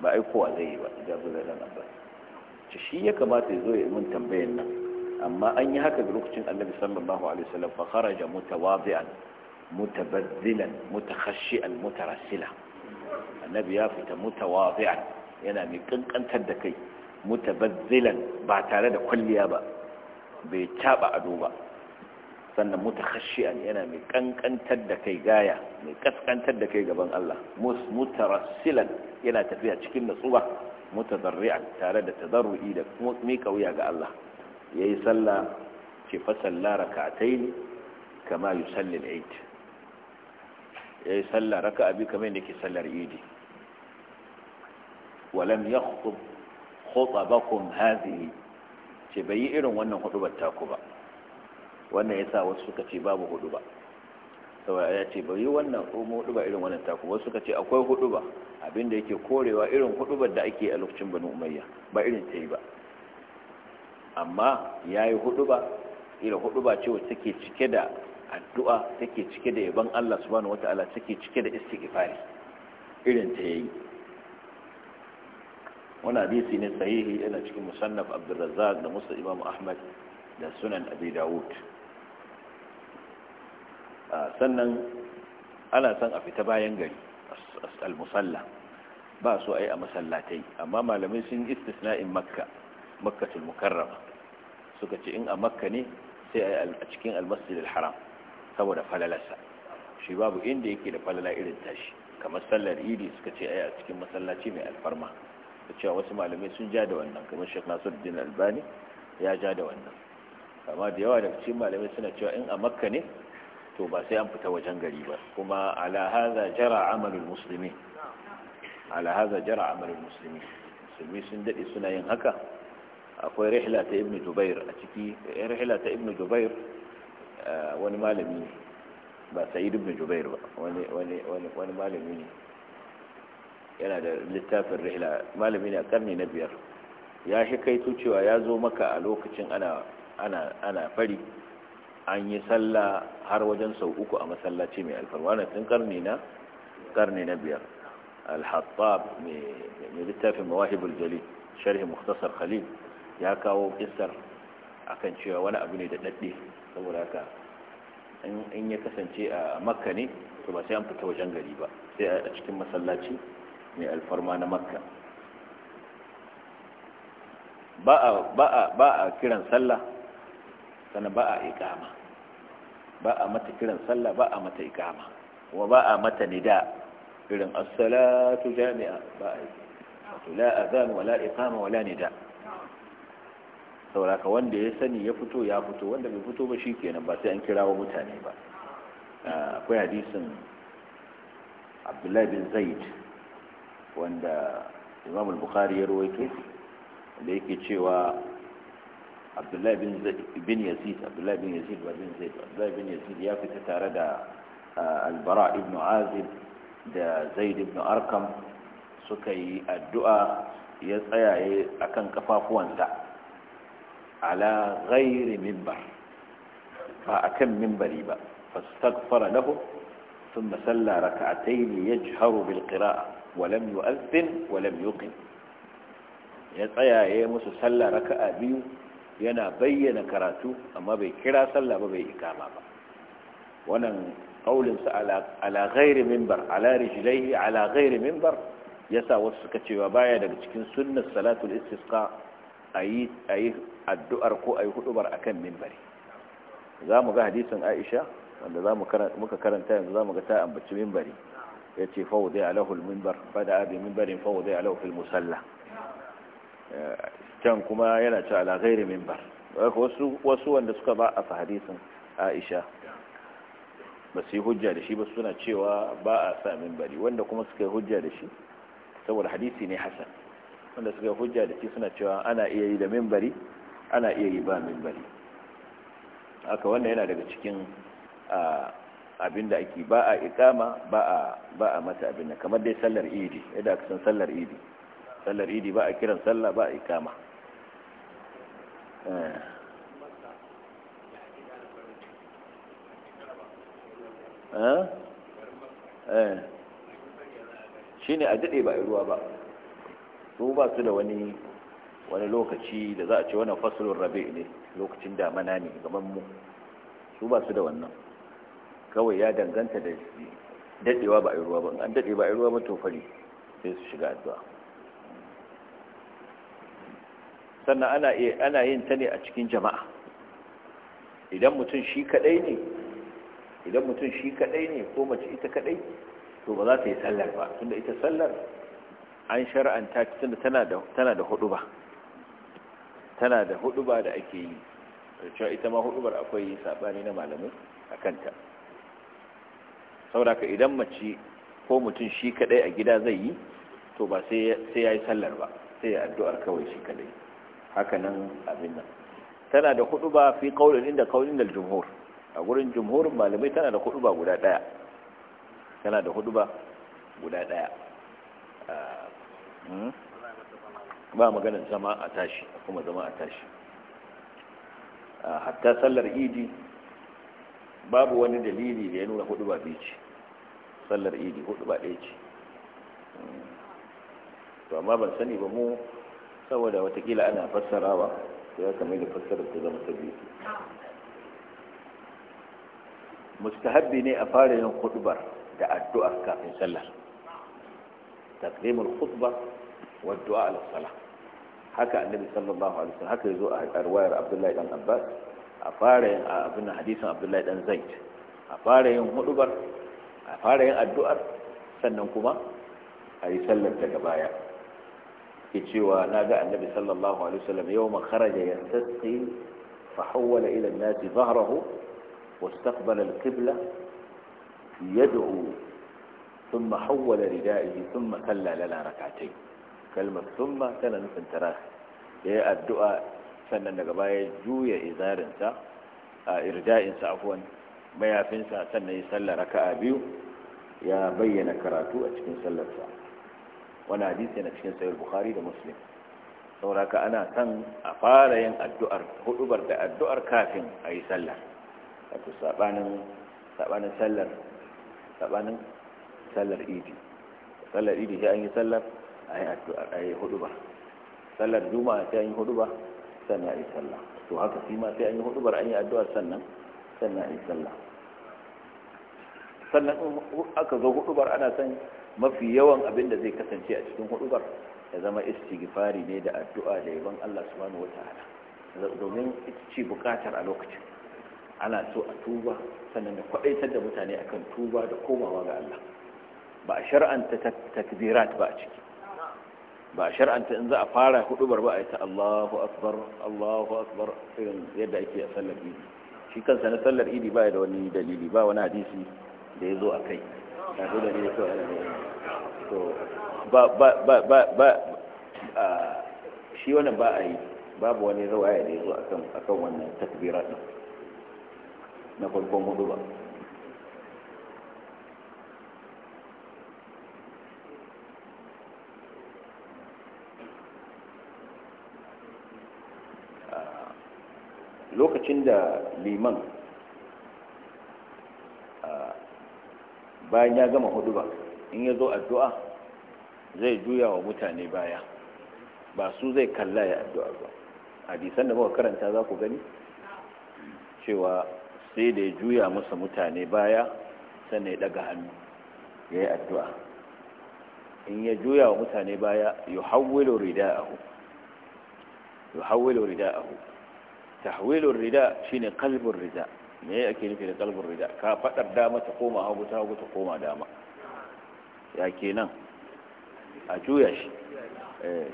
ba ai kowa zai yi ba da abdullahi dan abbas ce shi ya kamata ya zo ya mun tambayen nan amma an yi haka da lokacin annabi sallallahu alaihi wasallam fa kharaja mutawadi'an mutabazzilan mutakhashi'an mutarasila annabi ya fita mutawadi'an yana mai kankantar da kai mutabazzilan ba tare da kwalliya ba bai caba ado ba sannan mutakhashi'an yana mai kankantar da kai gaya mai kaskantar da kai gaban Allah mus mutarassilan yana tafiya cikin natsuwa mutadarri'an tare da tadarru'i da mika wuya ga Allah yayi sallah ce fa salla rak'atayn kama yusalli al-eid yayi sallah raka'a bi kamar yadda yake sallar idi ولم يخطب خطبكم هذه ce bai yi irin wannan hudubar taku ba wannan yasa wasu suka ce babu huduba saboda ya ce bai yi wannan huduba irin wannan taku wasu suka ce akwai huduba abinda yake korewa irin hudubar da ake a lokacin banu umayya ba irin ta yi ba amma ya yi huduba irin huduba ce wacce take cike da addu'a take cike da yaban Allah subhanahu wataala take cike da istighfari irin ta yi. wani hadisi ne sahihi yana cikin musannaf abdurrazzaq da musa imam ahmad da sunan abi dawud ah, sannan ana san a fita bayan gari al-musalla ba su a a masallatai amma malamai sun istisna'in makka makkatul mukarrama suka ce in a makka ne sai a yi a cikin al-haram saboda falalarsa shi babu inda yake da falala irin tashi kamar sallar idi suka ce a a cikin masallaci mai alfarma da cewa wasu malamai sun ja da wannan kamar Sheikh da Albani ya ja da wannan amma da yawa daga cikin malamai suna cewa in a Makka ne to ba sai an fita wajen gari ba kuma ala hadha jara amalin musulmi, ala jara amalin musulmi musulmi sun daɗe suna yin haka akwai rihla ta ibnu Dubair a ciki eh, rihla ta ibnu Dubair eh, wani malami ba Sa'id ibn Jubair ba wani malami ne yana da littafin rihla malami ne a karni na biyar ya shi kai cewa ya zo maka a lokacin ana fari an yi sallah har wajen sau uku a masallaci mai alfarma na tun karni na karni na biyar al mai littafin mawahibul jalil sharhi mukhtasar khalil ya kawo a akan cewa wani abu ne da dadde saboda haka in ya kasance a makka ne to ba sai an fita wajen gari ba sai a cikin masallaci mai alfarma na makka ba a kiran sallah sana ba a ikama ba a mata kiran sallah ba a mata ikama wa ba a mata nida irin assalatu jami'a ba a yi la azan wala iqama wala nida sauraka wanda ya sani ya fito ya fito wanda bai fito ba shi kenan ba sai an kirawo mutane ba akwai hadisin abdullahi bin zaid wanda imam al-bukhari ya rawaito da yake cewa abdullahi bin zaid bin yazid abdullahi bin yazid wa bin zaid abdullahi bin yazid ya fita tare da al-bara ibn azib da zaid ibn arqam suka yi addu'a ya tsayaye akan kafafuwansa ala ghairi minbar ba akan minbari ba fastaghfara lahu thumma salla rak'atayn yajharu bil qira'ah walam yu'azzin walam ya tsaya ya musu sallah raka'a biyu yana bayyana karatu amma bai kira sallah ba bai ikama ba wannan kaulin sa ala ghairi mimbar ala rijlaihi ala yasa wasu suka cewa baya daga cikin sunnar salatul istisqa a yi addu'ar ko ayi hudubar kan mimbari za mu ga hadisin aisha wanda za muka karanta yanzu za mu ga ta ambaci mimbari Yace ce fawudai alahul mimbar bada abi mimbarin alahu alahul musalla can kuma yana ce ala mimbar wasu wanda suka ba a hadisin aisha ba su yi hujja da shi ba suna cewa ba a sa mimbari wanda kuma suka yi hujja da shi saboda hadisi ne hasan wanda suka yi hujja da shi suna cewa ana iya yi da mimbari ana iya yi ba mimbari haka wanda yana daga cikin ah, abinda ake ba a ikama ba a ba a mata abinda kamar dai sallar idi yadda aka san sallar idi sallar idi ba a kiran sallah ba a ikama eh. eh? eh. shi ne a daɗe ba a ruwa ba su ba su da wani wani lokaci da za a ce wani fasulun rabe ne lokacin damana ne gaban mu su ba su da wannan kawai ya danganta da dadewa ba a yi ruwa ba an dade ba a yi ruwa ba to fari sai su shiga addu'a sannan ana ana yin ta ne a cikin jama'a idan mutum shi kadai ne idan mutum shi kadai ne ko mace ita kadai to ba za ta yi sallar ba tunda ita sallar an shar'anta tunda tana da tana da hudu ba tana da hudu ba da ake yi cewa ita ma hudubar akwai sabani na malamai a kanta saboda ka idan mace ko mutum shi kadai a gida zai yi to ba sai ya yi sallar ba sai ya addu'ar kawai shi kadai hakanan abin nan tana da hudu ba fi kaulin inda kaulin da jumhur a gurin jumhurin malamai tana da hudu ba guda daya tana da hudu ah, hmm? ba guda daya ba maganin zama a tashi kuma zama a tashi ah, hatta sallar idi babu wani dalili da ya nuna hudu ba biyu ce sallar idi hudu ba ɗaya ce to amma ban sani ba mu saboda watakila ana fassarawa sai ya kamar da fassarar ta zama ta biyu mustahabbi ne a fara yin hudubar da addu'a kafin sallar taqdimul khutbah wa du'a ala haka annabi sallallahu alaihi wasallam haka yazo a riwayar abdullahi dan abbas a fara yin abin hadisin abdullahi dan zaid a fara yin hudubar a fara yin addu'ar sannan kuma a yi sallar daga baya ke cewa na ga annabi sallallahu alaihi wasallam yau ma kharaja yastasqi fa hawwala ila an-nasi dhahrahu واستقبل القبلة يدعو ثم حول ردائه ثم كلا لنا ركعتين كلمة ثم كان نفن تراخي هي الدعاء sannan daga baya juya izarinsa a irja'insa afuwan mayafinsa sannan ya sallar raka'a biyu ya bayyana karatu a cikin sallarsa wani hadisi na cikin sayar bukhari da muslim sauraka ana son a fara yin addu'ar hudubar da addu'ar kafin a yi sallar wato sabanin sallar sabanin sallar idi sallar idi sai an yi sallar a yi addu'ar a yi hudubar sallar juma'a sai an yi hudubar sannan a yi sallah to haka shi ma sai an yi an yi addu'a sannan sannan a yi sallah sannan aka zo bar ana san mafi yawan abin da zai kasance a cikin hudubar ya zama istighfari ne da addu'a da yaban Allah subhanahu wataala domin ita ce bukatar a lokacin ana so a tuba sannan da kwadaitar da mutane akan tuba da komawa ga Allah ba a shar'anta takbirat ba a ciki ba a shar'anta in za a fara hudubar ba a yi ta Allahu akbar Allahu akbar irin yadda ake a sallar idi shi kansa na sallar idi ba da wani dalili ba wani hadisi da ya zo a kai na zo da ne kawai to ba ba ba ba ba shi wannan ba a yi babu wani rawaya da ya zo a kan wannan takbira na farkon hudu ba lokacin da liman bayan ya gama hudu ba in ya zo addu'a zai juya wa mutane baya ba su zai kalla ya addu'a ba hadisan da muka karanta za ku gani cewa sai da ya juya masa mutane baya sannan ya daga hannu ya yi addu'a in ya juya wa mutane baya yi hawwilo hu tahwilur rida shine qalbur rida me ake nufi da qalbur rida ka fadar dama ta koma hagu ta hagu ta koma dama ya kenan a juya shi eh.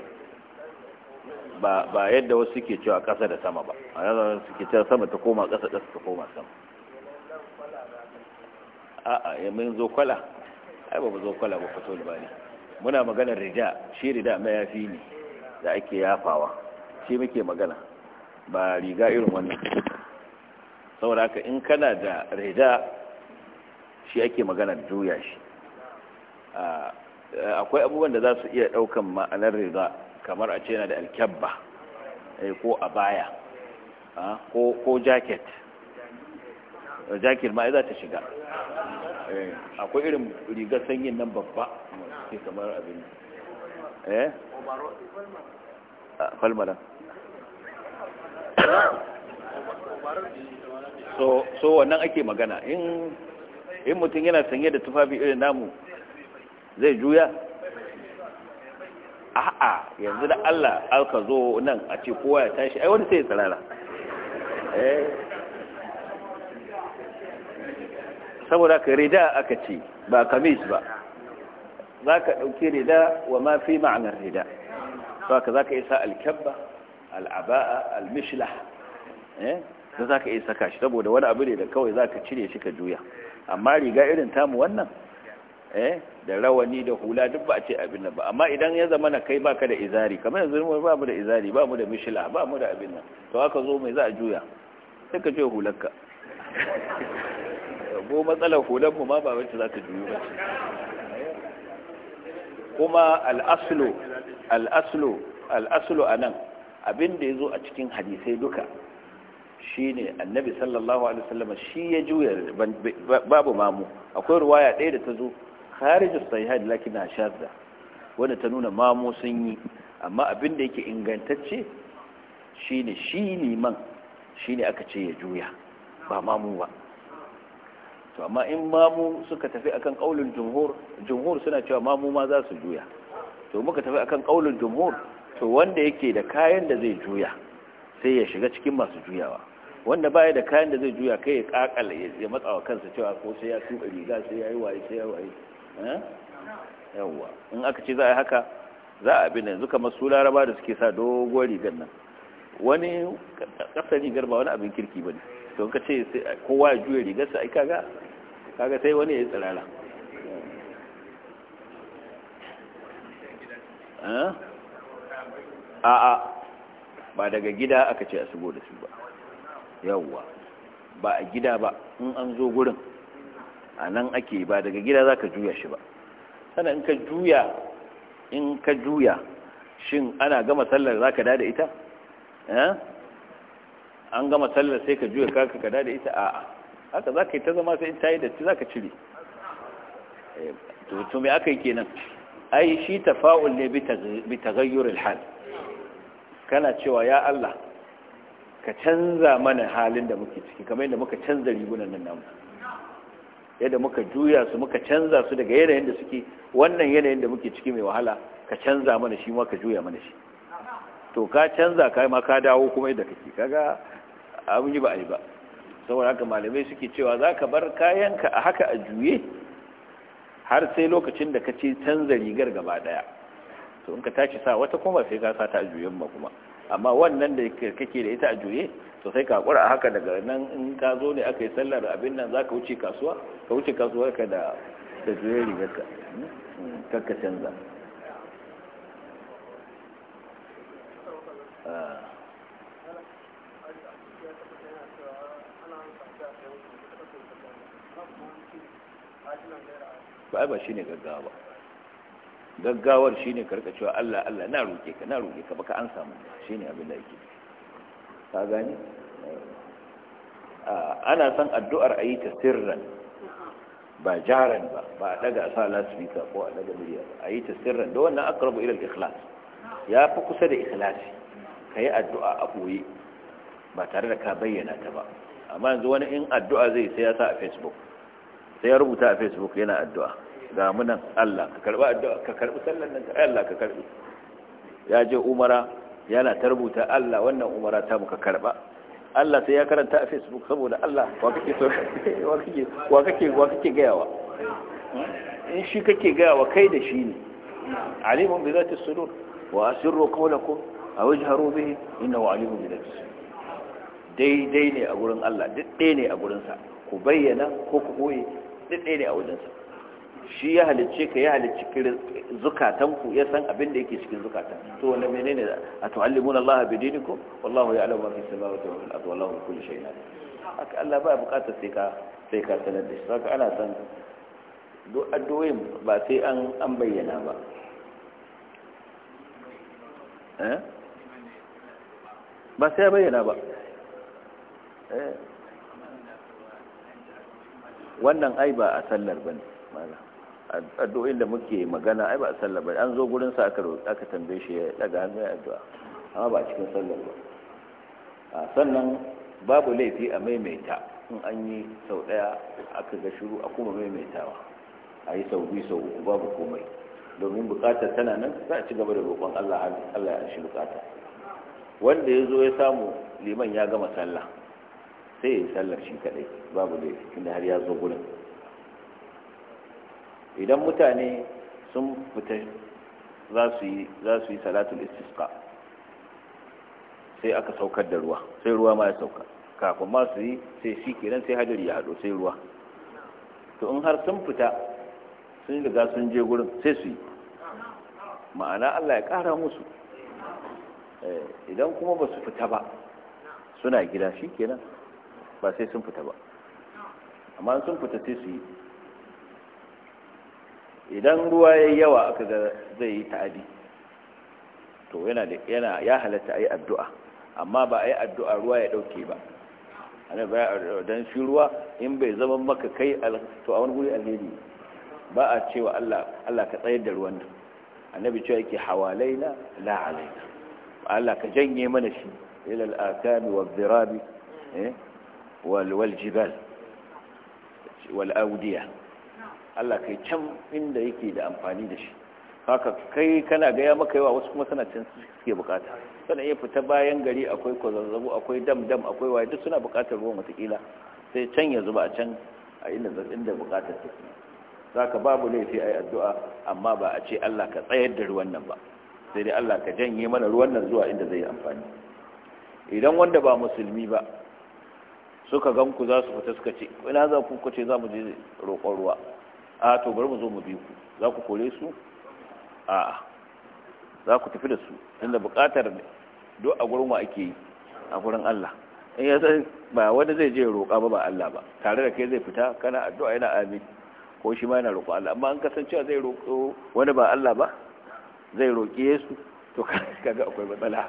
ba ba yadda wasu suke cewa kasa da sama ba a wasu suke cewa sama ta koma kasa kasa ta koma sama a'a ya eh, mun zo kwala ai ba mu zo kwala ba fato ba ne muna maganar rida shi rida mayafi ne da ake yafawa shi muke magana ba riga irin wannan saboda haka in kana da rida shi ake magana juya shi akwai abubuwan da za su iya daukan ma'anar rida kamar a ce na da alkyabba eh, ko abaya ko jacket jacket ma za ta shiga eh, akwai irin rigar sanyin nan babba ke kamar abin eh falmala so so wannan ake magana in in mutum yana sanye da tufafi irin namu zai juya a'a yanzu da Allah alka zo nan a ce kowa ya tashi ai wani sai ya eh saboda ka rida aka ce ba kamis ba za ka ɗauki rida wa ma fi ma'anar rida ba ka za ka isa alkyabba al'aba'a al-mishlah eh da zaka iya saka shi saboda wani abu ne da kawai zaka cire shi ka juya amma riga irin tamu wannan eh da rawani da hula duk ba a ce abin nan ba amma idan ya zama na kai baka da izari kamar yanzu mun ba mu da izari ba mu da mishila ba mu da abin nan to aka zo mai za a juya sai ka juya hularka ko matsalar hular mu ma ba wacce za ta juyu ba kuma al-aslu al-aslu al-aslu anan abin da ya zo a cikin hadisai duka shi ne annabi sallallahu alaihi wasallam shi ya juya babu mamu akwai ruwaya ɗaya da ta zo kharijus sahihan lakina shadda wanda ta nuna mamu sun yi amma abin da yake ingantacce shi ne shi liman shi ne aka ce ya juya ba mamu ba to amma in mamu suka tafi akan kaulin jumhur jumhur suna cewa mamu ma za su juya to muka tafi akan kaulin jumhur to wanda yake da kayan da zai juya sai ya shiga cikin masu juyawa wanda baya da kayan da zai juya kai ya kakal ya matsa wa kansa cewa ko sai ya tuka riga sai ya yi waye sai ya waye eh? yawwa in aka ce za a yi haka za a abin yanzu kamar su laraba da suke sa dogon rigar nan wani kasar rigar ba wani abin kirki ba ne to ka ce kowa ya juya sa ai kaga kaga sai wani ya yi tsirara eh? a'a ba daga gida aka ce a sugo da su ba yawwa ba a gida ba in an zo gurin a nan ake ba daga gida za ka juya shi ba sannan in ka juya in ka juya shin ana gama sallar za ka da ita eh? an gama sallar sai ka juya kaka ka da ita a'a haka za ka yi ta zama sai ta yi ci za ka cire eh, to aka yi kenan ai shi tafa'ul ne bi tagayyurul hal kana cewa ya Allah ka canza mana halin da muke ciki kamar yadda muka canza rigunan nan namu yadda muka juya su muka canza su daga yanayin da suke wannan yanayin da muke ciki mai wahala ka canza mana shi ma ka juya mana shi to ka canza kai ma ka dawo kuma yadda kake kaga abin yi ba a yi ba saboda haka malamai suke cewa za ka bar kayanka a haka a juye har sai lokacin da ka ce canza rigar gaba daya to in ka tashi sa wata kuma sai ka sa a juyen ma kuma amma wannan da kake da ita a juye to sai ka kura haka daga nan in ka zo ne aka yi sallar abin nan za ka wuce kasuwa ka wuce kasuwar ka da da juye ka kakka canza ba ah. ba shi ne gaggawa ba gaggawar shi karka cewa Allah Allah na roƙe ka na roƙe ka baka an samu ne abin da yake ka gani ah, ana san addu'ar ayi ta sirran ba jaran ba ba a daga sa lasfika ko a daga miliya ba ayi ta sirran da wannan akrabu ila al-ikhlas ya fi kusa da ikhlasi kai addu'a a boye ba tare da ka bayyana ta ba amma yanzu wani in addu'a zai sai ya sa a facebook sai ya rubuta a facebook yana addu'a ga munan Allah ka karba addu'a ka karbi sallan nan Allah ka karbi ya je umara yana tarbuta Allah wannan umara ta muka karba Allah sai ya karanta a Facebook saboda Allah wa kake so wa kake wa kake wa kake gayawa in shi kake gayawa kai da shi ne alimun bi zati sudur wa asirru qawlakum aw ijharu bihi innahu alimun bi zati sudur daidai ne a gurin Allah duk ɗaya ne a sa, ku bayyana ko ku koye duk ɗaya ne a wajensa shi ya halicce ka ya halicci zukatanku ya san abin da yake cikin zukatan to mene menene a tu'allimuna Allah bi dinikum wallahu ya'lamu ma fi samawati wa fil ardi wallahu bi kulli shay'in alim haka Allah ba bukatar sai ka sai ka sanar da shi saka ana san addu'o'in ba sai an an bayyana ba eh ba sai bayyana ba eh wannan ai ba a sallar bane malam addu'o'in da muke magana ai ba a sallar ba an zo gurin sa aka aka tambaye shi ya daga hannu ya addu'a amma ba cikin sallar ba A sannan babu laifi a maimaita in an yi sau daya aka ga shiru a kuma maimaitawa a yi sau biyu sau uku babu komai domin bukatar tana nan za a ci gaba da roƙon Allah Allah ya shi bukata wanda ya zo ya samu liman ya gama sallah sai ya yi sallar shi kadai babu laifi tunda har ya zo gurin idan mutane sun fita za su yi salatul istisqa sai aka saukar da ruwa sai ruwa ma ya sauka kafin ma su yi sai shi kenan sai hadari ya haɗo sai ruwa to in har sun fita sun riga sun je gurin sai su yi ma'ana Allah ya ƙara musu eh, idan kuma ba su fita ba suna gida shi kenan ba sai sun fita ba amma sun fita sai su yi idan ruwa ya yawa aka ga zai yi ta'adi to yana da yana ya halatta ayi addu'a amma ba yi addu'a ruwa ya dauke ba dan shi ruwa in bai zama maka kai to a wani guri alheri ba a cewa Allah Allah ka tsayar da ruwan nan annabi cewa yake hawalaina la alaina Allah ka janye mana shi ila al-akami wa dhirabi eh wal wal jibal wal awdiyah Allah kai can inda yake da amfani da shi haka kai kana gaya maka yawa wasu kuma suna can suke bukata Suna iya fita bayan gari akwai kwazazzabu akwai dam dam akwai waye duk suna bukatar ruwan watakila sai can ya zuba a can a inda inda bukatar take zaka babu laifi ai addu'a amma ba a ce Allah ka tsayar da ruwan nan ba sai dai Allah ka janye mana ruwan nan zuwa inda zai amfani idan wanda ba musulmi ba suka gan ku za su fita suka ce ina za ku kuce za mu je roƙon ruwa a to bari mu zo mu bi ku za ku kore su a za ku tafi da su Inda buƙatar duk a gurin wa ake yi a gurin Allah in ya san ba wanda zai je roƙa ba ba Allah ba tare da kai zai fita kana addu'a yana amin ko shi ma yana roƙo Allah amma an kasancewa zai roƙo wani ba Allah ba zai roƙi Yesu to kaga akwai matsala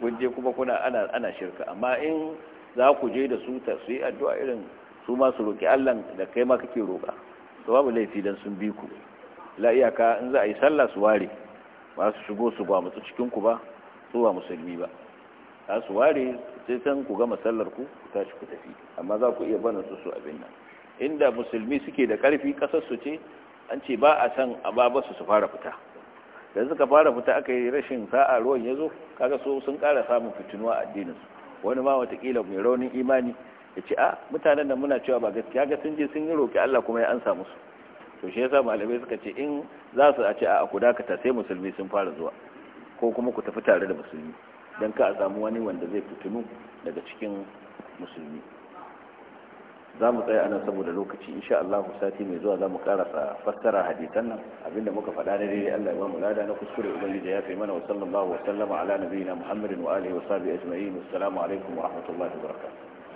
kun je kuma kuna ana ana shirka amma in za ku je da su ta su yi addu'a irin su ma su roƙi Allah da kai ma kake roƙa to babu laifi dan sun bi ku la iyaka in za a yi sallah su ware ba su shigo su ba mutu cikin ku ba su ba musulmi ba za su ware sai san ku gama sallar ku ku tashi ku tafi amma za ku iya bana su su abin nan inda musulmi suke da karfi kasar su ce an ce ba a san a ba su su fara fita da suka fara fita aka yi rashin sa'a ruwan ya zo kaga so sun kara samun fitinuwa addinin su wani ma watakila mai raunin imani ya ce a mutanen da muna cewa ba gaskiya ga sun je sun yi roƙi Allah kuma ya ansa musu to shi yasa malamai suka ce in za su a ce a ku dakata sai musulmi sun fara zuwa ko kuma ku tafi tare da musulmi don ka a samu wani wanda zai fitinu daga cikin musulmi za mu tsaya anan saboda lokaci insha Allah sati mai zuwa za mu karasa fassara hadisan nan abinda muka faɗa na daidai Allah ya ba mu lada na kuskure ubangiji ya fi mana wa sallallahu wa sallama ala nabiyina Muhammadin wa alihi wa sahbihi ajma'in assalamu alaikum wa rahmatullahi wa barakatuh